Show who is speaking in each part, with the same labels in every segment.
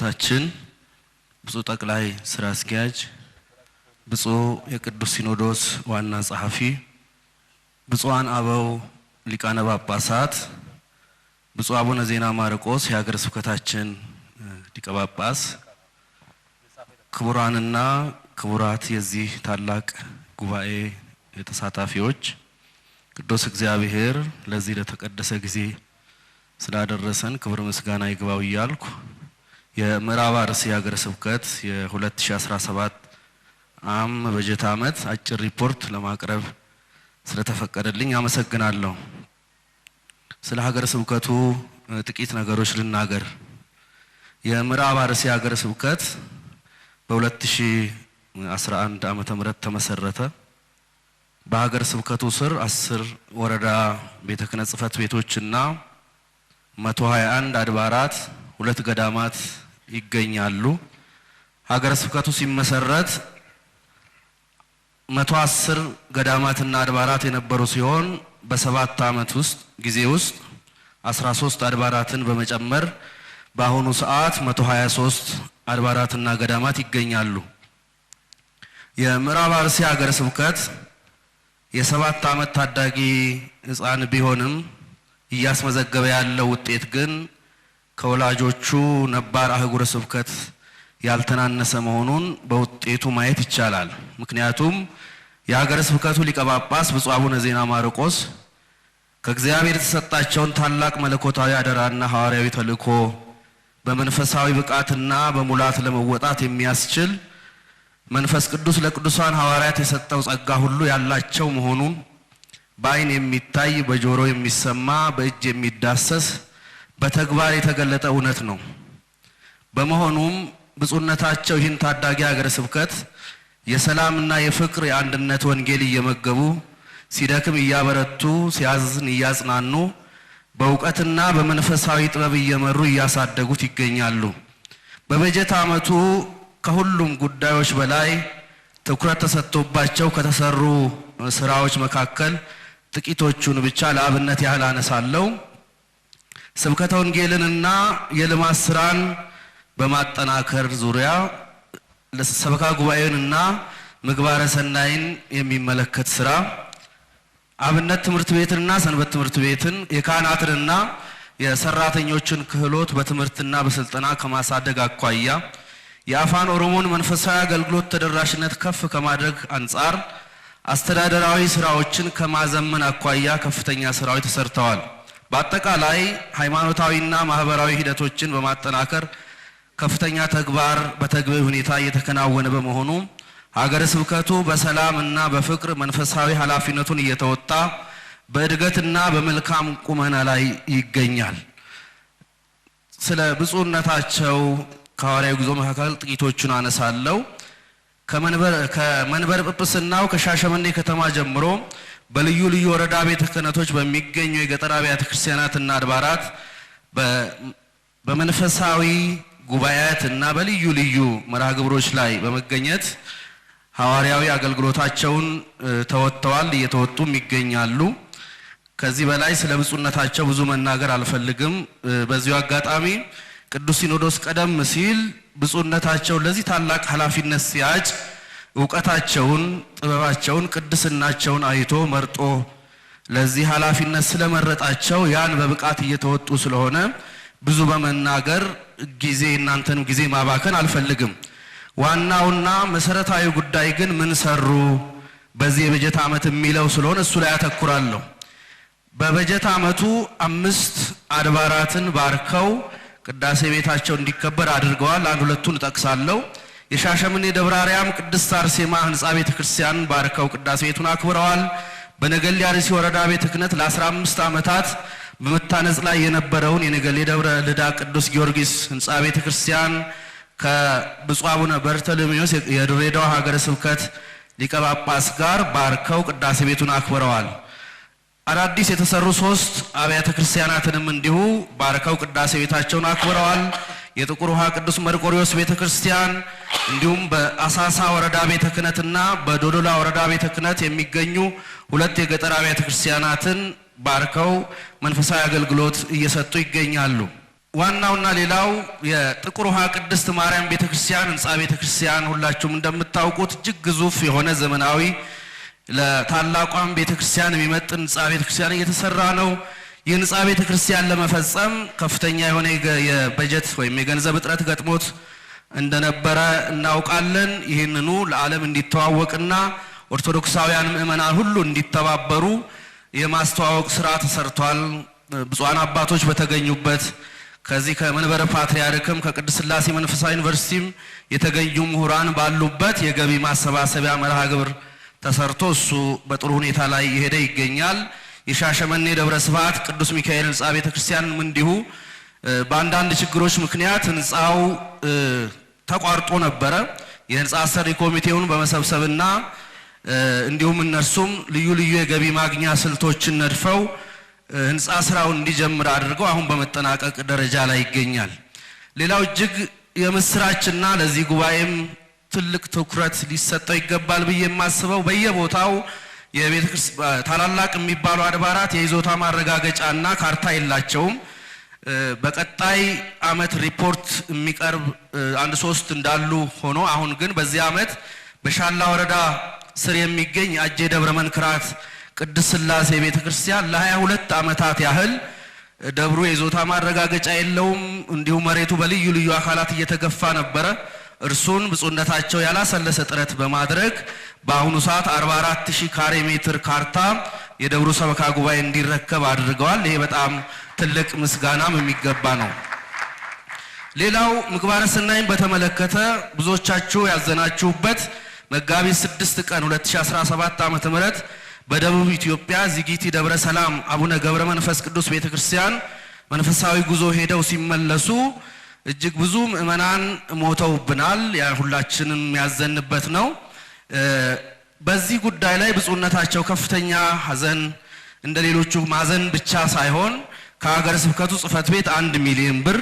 Speaker 1: አባታችን ብፁዕ ጠቅላይ ስራ አስኪያጅ፣ ብፁዕ የቅዱስ ሲኖዶስ ዋና ጸሐፊ፣ ብፁዓን አበው ሊቃነ ጳጳሳት፣ ብፁዕ አቡነ ዜና ማርቆስ የሀገረ ስብከታችን ሊቀ ጳጳስ፣ ክቡራንና ክቡራት የዚህ ታላቅ ጉባኤ ተሳታፊዎች ቅዱስ እግዚአብሔር ለዚህ ለተቀደሰ ጊዜ ስላደረሰን ክብር ምስጋና ይግባው እያልኩ የምዕራብ አርሲ ሀገረ ስብከት የ2017 አም በጀት ዓመት አጭር ሪፖርት ለማቅረብ ስለተፈቀደልኝ አመሰግናለሁ። ስለ ሀገረ ስብከቱ ጥቂት ነገሮች ልናገር። የምዕራብ አርሲ ሀገረ ስብከት በ2011 ዓ.ም ተመሰረተ። በሀገር ስብከቱ ስር አስር ወረዳ ቤተ ክህነት ጽሕፈት ቤቶችና 121 አድባራት ሁለት ገዳማት ይገኛሉ። ሀገረ ስብከቱ ሲመሰረት መቶ አስር ገዳማትና አድባራት የነበሩ ሲሆን በሰባት ዓመት ውስጥ ጊዜ ውስጥ 13 አድባራትን በመጨመር በአሁኑ ሰዓት 123 ሀያ ሶስት አድባራትና ገዳማት ይገኛሉ። የምዕራብ አርሲ ሀገረ ስብከት የሰባት ዓመት ታዳጊ ሕፃን ቢሆንም እያስመዘገበ ያለው ውጤት ግን ከወላጆቹ ነባር አህጉረ ስብከት ያልተናነሰ መሆኑን በውጤቱ ማየት ይቻላል። ምክንያቱም የሀገረ ስብከቱ ሊቀ ጳጳስ ብፁዕ አቡነ ዜና ማርቆስ ከእግዚአብሔር የተሰጣቸውን ታላቅ መለኮታዊ አደራና ሐዋርያዊ ተልእኮ በመንፈሳዊ ብቃትና በሙላት ለመወጣት የሚያስችል መንፈስ ቅዱስ ለቅዱሳን ሐዋርያት የሰጠው ጸጋ ሁሉ ያላቸው መሆኑን በአይን የሚታይ በጆሮ የሚሰማ በእጅ የሚዳሰስ በተግባር የተገለጠ እውነት ነው። በመሆኑም ብፁዕነታቸው ይህን ታዳጊ ሀገረ ስብከት የሰላምና የፍቅር የአንድነት ወንጌል እየመገቡ ሲደክም እያበረቱ ሲያዝን እያጽናኑ በእውቀትና በመንፈሳዊ ጥበብ እየመሩ እያሳደጉት ይገኛሉ። በበጀት ዓመቱ ከሁሉም ጉዳዮች በላይ ትኩረት ተሰጥቶባቸው ከተሰሩ ስራዎች መካከል ጥቂቶቹን ብቻ ለአብነት ያህል አነሳለሁ። ስብከተ ወንጌልንና የልማት ስራን በማጠናከር ዙሪያ ሰበካ ጉባኤንና ምግባረ ሰናይን የሚመለከት ስራ፣ አብነት ትምህርት ቤትንና ሰንበት ትምህርት ቤትን የካህናትንና የሰራተኞችን ክህሎት በትምህርትና በስልጠና ከማሳደግ አኳያ የአፋን ኦሮሞን መንፈሳዊ አገልግሎት ተደራሽነት ከፍ ከማድረግ አንጻር አስተዳደራዊ ስራዎችን ከማዘመን አኳያ ከፍተኛ ስራዎች ተሰርተዋል። በአጠቃላይ ሃይማኖታዊና ማህበራዊ ሂደቶችን በማጠናከር ከፍተኛ ተግባር በተግቢ ሁኔታ እየተከናወነ በመሆኑ ሀገረ ስብከቱ በሰላም እና በፍቅር መንፈሳዊ ኃላፊነቱን እየተወጣ በእድገትና በመልካም ቁመና ላይ ይገኛል። ስለ ብፁዕነታቸው ከሐዋርያዊ ጉዞ መካከል ጥቂቶቹን አነሳለሁ። ከመንበር ከመንበር ጵጵስናው ከሻሸመኔ ከተማ ጀምሮ በልዩ ልዩ ወረዳ ቤተ ክህነቶች በሚገኙ የገጠር አብያተ ክርስቲያናትና አድባራት በመንፈሳዊ ጉባኤያት እና በልዩ ልዩ መርሃ ግብሮች ላይ በመገኘት ሐዋርያዊ አገልግሎታቸውን ተወጥተዋል፣ እየተወጡም ይገኛሉ። ከዚህ በላይ ስለ ብፁዕነታቸው ብዙ መናገር አልፈልግም። በዚሁ አጋጣሚ ቅዱስ ሲኖዶስ ቀደም ሲል ብፁዕነታቸውን ለዚህ ታላቅ ኃላፊነት ሲያጭ እውቀታቸውን፣ ጥበባቸውን፣ ቅድስናቸውን አይቶ መርጦ ለዚህ ኃላፊነት ስለመረጣቸው ያን በብቃት እየተወጡ ስለሆነ ብዙ በመናገር ጊዜ እናንተንም ጊዜ ማባከን አልፈልግም። ዋናውና መሰረታዊ ጉዳይ ግን ምን ሰሩ በዚህ የበጀት ዓመት የሚለው ስለሆነ እሱ ላይ አተኩራለሁ። በበጀት ዓመቱ አምስት አድባራትን ባርከው ቅዳሴ ቤታቸው እንዲከበር አድርገዋል። አንድ ሁለቱን እጠቅሳለሁ። የሻሸመኔ ደብረ አርያም ቅድስት አርሴማ ህንፃ ቤተ ክርስቲያን ባርከው ቅዳሴ ቤቱን አክብረዋል። በነገሌ አርሲ ወረዳ ቤተ ክህነት ለ15 ዓመታት በመታነጽ ላይ የነበረውን የነገሌ ደብረ ልዳ ቅዱስ ጊዮርጊስ ህንፃ ቤተ ክርስቲያን ከብፁዕ አቡነ በርተሎሜዎስ የድሬዳዋ ሀገረ ስብከት ሊቀ ጳጳስ ጋር ባርከው ቅዳሴ ቤቱን አክብረዋል። አዳዲስ የተሰሩ ሶስት አብያተ ክርስቲያናትንም እንዲሁ ባርከው ቅዳሴ ቤታቸውን አክብረዋል። የጥቁር ውሃ ቅዱስ መርቆሪዎስ ቤተ ክርስቲያን እንዲሁም በአሳሳ ወረዳ ቤተ ክህነትና በዶዶላ ወረዳ ቤተ ክህነት የሚገኙ ሁለት የገጠር አብያተ ክርስቲያናትን ባርከው መንፈሳዊ አገልግሎት እየሰጡ ይገኛሉ። ዋናውና ሌላው የጥቁር ውሃ ቅድስት ማርያም ቤተ ክርስቲያን ህንፃ ቤተ ክርስቲያን ሁላችሁም እንደምታውቁት እጅግ ግዙፍ የሆነ ዘመናዊ ለታላቋም ቤተ ክርስቲያን የሚመጥን ህንፃ ቤተ ክርስቲያን እየተሰራ ነው። የህንፃ ቤተ ክርስቲያን ለመፈጸም ከፍተኛ የሆነ የበጀት ወይም የገንዘብ እጥረት ገጥሞት እንደነበረ እናውቃለን። ይህንኑ ለዓለም እንዲተዋወቅና ኦርቶዶክሳውያን ምእመናን ሁሉ እንዲተባበሩ የማስተዋወቅ ስራ ተሰርቷል። ብፁዓን አባቶች በተገኙበት ከዚህ ከመንበረ ፓትርያርክም ከቅድስት ስላሴ መንፈሳዊ ዩኒቨርሲቲም የተገኙ ምሁራን ባሉበት የገቢ ማሰባሰቢያ መርሃ ግብር ተሰርቶ እሱ በጥሩ ሁኔታ ላይ እየሄደ ይገኛል። የሻሸመኔ ደብረ ስብሐት ቅዱስ ሚካኤል ህንፃ ቤተ እንዲሁ በአንዳንድ ችግሮች ምክንያት ህንፃው ተቋርጦ ነበረ። የህንፃ አሰሪ ኮሚቴውን በመሰብሰብና እንዲሁም እነርሱም ልዩ ልዩ የገቢ ማግኛ ስልቶችን ነድፈው ህንፃ ስራውን እንዲጀምር አድርገው አሁን በመጠናቀቅ ደረጃ ላይ ይገኛል። ሌላው እጅግ የምስራችና ለዚህ ጉባኤም ትልቅ ትኩረት ሊሰጠው ይገባል ብዬ የማስበው በየቦታው ታላላቅ የሚባሉ አድባራት የይዞታ ማረጋገጫና ካርታ የላቸውም። በቀጣይ አመት ሪፖርት የሚቀርብ አንድ ሶስት እንዳሉ ሆኖ አሁን ግን በዚህ አመት በሻላ ወረዳ ስር የሚገኝ አጄ ደብረ መንክራት ቅድስት ስላሴ ቤተ ክርስቲያን ለሀያ ሁለት አመታት ያህል ደብሩ የይዞታ ማረጋገጫ የለውም። እንዲሁም መሬቱ በልዩ ልዩ አካላት እየተገፋ ነበረ። እርሱን ብፁዕነታቸው ያላሰለሰ ጥረት በማድረግ በአሁኑ ሰዓት 44 ሺህ ካሬ ሜትር ካርታ የደብሩ ሰበካ ጉባኤ እንዲረከብ አድርገዋል። ይሄ በጣም ትልቅ ምስጋናም የሚገባ ነው። ሌላው ምግባረ ሰናይን በተመለከተ ብዙዎቻችሁ ያዘናችሁበት መጋቢት 6 ቀን 2017 ዓ.ም በደቡብ ኢትዮጵያ ዚጊቲ ደብረ ሰላም አቡነ ገብረ መንፈስ ቅዱስ ቤተክርስቲያን መንፈሳዊ ጉዞ ሄደው ሲመለሱ እጅግ ብዙ ምዕመናን ሞተውብናል። ሁላችንም ያዘንበት ነው። በዚህ ጉዳይ ላይ ብፁዕነታቸው ከፍተኛ ሐዘን እንደ ሌሎቹ ማዘን ብቻ ሳይሆን ከሀገረ ስብከቱ ጽሕፈት ቤት አንድ ሚሊዮን ብር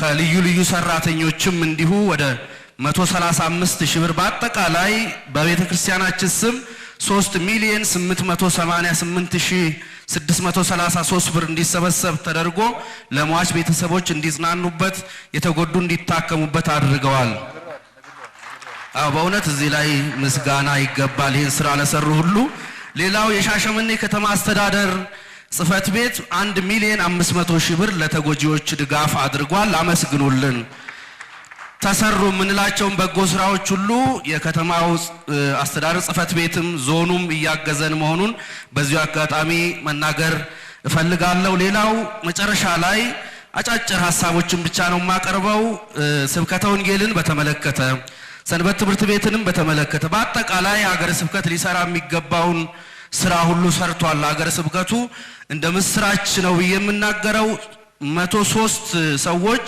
Speaker 1: ከልዩ ልዩ ሰራተኞችም እንዲሁ ወደ 135 ሺህ ብር በአጠቃላይ በቤተ ክርስቲያናችን ስም 3 ሚሊዮን 888 ሺህ 633 ብር እንዲሰበሰብ ተደርጎ ለሟች ቤተሰቦች እንዲዝናኑበት፣ የተጎዱ እንዲታከሙበት አድርገዋል። አዎ በእውነት እዚህ ላይ ምስጋና ይገባል፣ ይህን ስራ ለሰሩ ሁሉ። ሌላው የሻሸመኔ ከተማ አስተዳደር ጽፈት ቤት 1 ሚሊዮን 500 ሺህ ብር ለተጎጂዎች ድጋፍ አድርጓል። አመስግኑልን። ተሰሩ የምንላቸውን በጎ ስራዎች ሁሉ የከተማው አስተዳደር ጽህፈት ቤትም ዞኑም እያገዘን መሆኑን በዚሁ አጋጣሚ መናገር እፈልጋለሁ። ሌላው መጨረሻ ላይ አጫጭር ሀሳቦችን ብቻ ነው የማቀርበው። ስብከተ ወንጌልን በተመለከተ፣ ሰንበት ትምህርት ቤትንም በተመለከተ በአጠቃላይ ሀገረ ስብከት ሊሰራ የሚገባውን ስራ ሁሉ ሰርቷል። ሀገረ ስብከቱ እንደ ምስራች ነው ብዬ የምናገረው መቶ ሶስት ሰዎች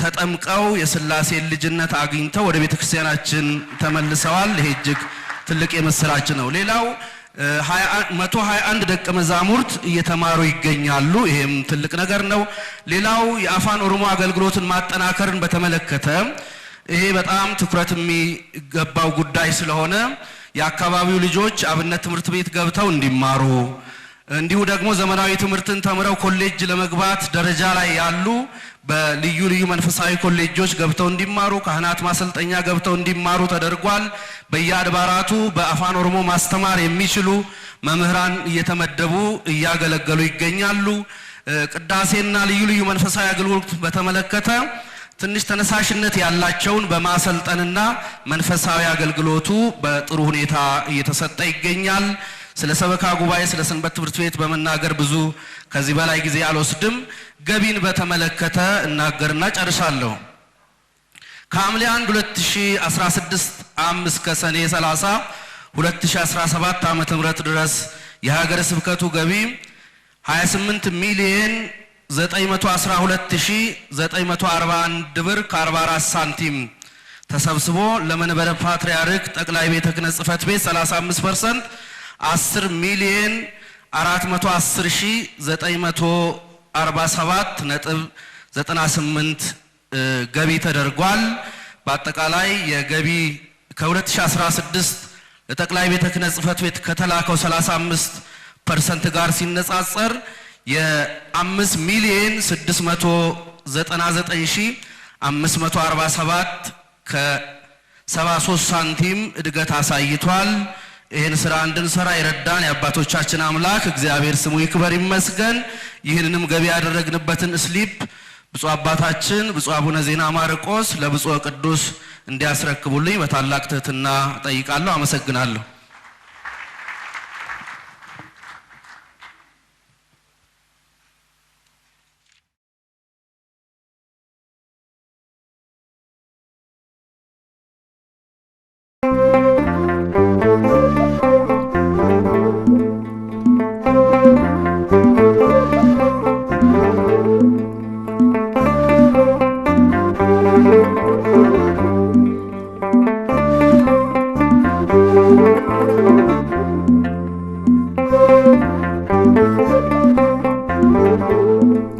Speaker 1: ተጠምቀው የስላሴ ልጅነት አግኝተው ወደ ቤተ ክርስቲያናችን ተመልሰዋል። ይሄ እጅግ ትልቅ የምስራች ነው። ሌላው መቶ ደቀ መዛሙርት እየተማሩ ይገኛሉ። ይሄም ትልቅ ነገር ነው። ሌላው የአፋን ኦሮሞ አገልግሎትን ማጠናከርን በተመለከተ ይሄ በጣም ትኩረት የሚገባው ጉዳይ ስለሆነ የአካባቢው ልጆች አብነት ትምህርት ቤት ገብተው እንዲማሩ እንዲሁ ደግሞ ዘመናዊ ትምህርትን ተምረው ኮሌጅ ለመግባት ደረጃ ላይ ያሉ በልዩ ልዩ መንፈሳዊ ኮሌጆች ገብተው እንዲማሩ ካህናት ማሰልጠኛ ገብተው እንዲማሩ ተደርጓል። በየአድባራቱ በአፋን ኦሮሞ ማስተማር የሚችሉ መምህራን እየተመደቡ እያገለገሉ ይገኛሉ። ቅዳሴና ልዩ ልዩ መንፈሳዊ አገልግሎት በተመለከተ ትንሽ ተነሳሽነት ያላቸውን በማሰልጠንና መንፈሳዊ አገልግሎቱ በጥሩ ሁኔታ እየተሰጠ ይገኛል። ስለ ሰበካ ጉባኤ፣ ስለ ሰንበት ትምህርት ቤት በመናገር ብዙ ከዚህ በላይ ጊዜ አልወስድም። ገቢን በተመለከተ እናገርና ጨርሻለሁ። ከሐምሌ 1 2016 ዓም እስከ ሰኔ 30 2017 ዓ.ም ድረስ የሀገረ ስብከቱ ገቢ 28 ሚሊዮን 912941 ብር ከ44 ሳንቲም ተሰብስቦ ለመንበረ ፓትርያርክ ጠቅላይ ቤተ ክህነት ጽሕፈት ቤት 35 ፐርሰንት 10 ሚሊዮን 410947 ነጥብ 98 ገቢ ተደርጓል። በአጠቃላይ የገቢ ከ2016 ለጠቅላይ ቤተ ክህነት ጽሕፈት ቤት ከተላከው 35 ፐርሰንት ጋር ሲነጻጸር የ5 ሚሊዮን 699547 ከ73 ሳንቲም እድገት አሳይቷል። ይህን ስራ እንድንሰራ የረዳን የአባቶቻችን አምላክ እግዚአብሔር ስሙ ይክበር ይመስገን። ይህንንም ገቢ ያደረግንበትን ስሊፕ ብፁዕ አባታችን ብፁዕ አቡነ ዜና ማርቆስ ለብፁዕ ቅዱስ እንዲያስረክቡልኝ በታላቅ ትህትና ጠይቃለሁ። አመሰግናለሁ። Thank you.